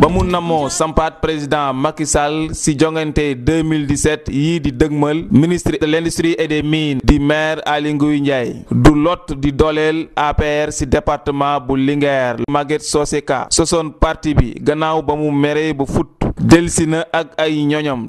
ba mu namoo sampaat président Macky ci jongante 2017 yii di dëgmal ministre de l'industrie et des di maire Aly Ngouille Ndiaye du lot di dooleel APR ci département bu Linguère Maguette Soseka sosoon parti bi gannaaw ba mu mere ba fut delsi na ak ay ñoñom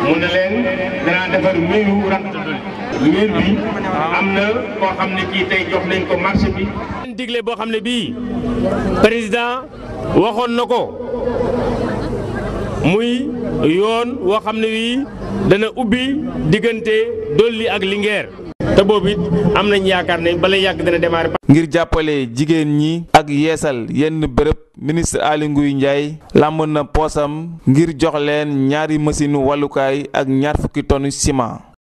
mu ne leen danaa defar miiru Rantadouli miir bi am na koo xam ne kii tey jox nañ ko marché bi. digle boo xam ne bii président waxoon na ko muy yoon woo xam ne wii dana ubbi diggante Dolli ak Linguère. te boobu it am nañ yaakaar ne bala yàgg dina démarrer. ngir jàppale jigéen ñi ak yeesal yenn bërëb ministre Aly Ngouille Ndiaye làmb na poosam ngir jox leen ñaari machine wallukaay ak ñaar fukki tonnes ciment.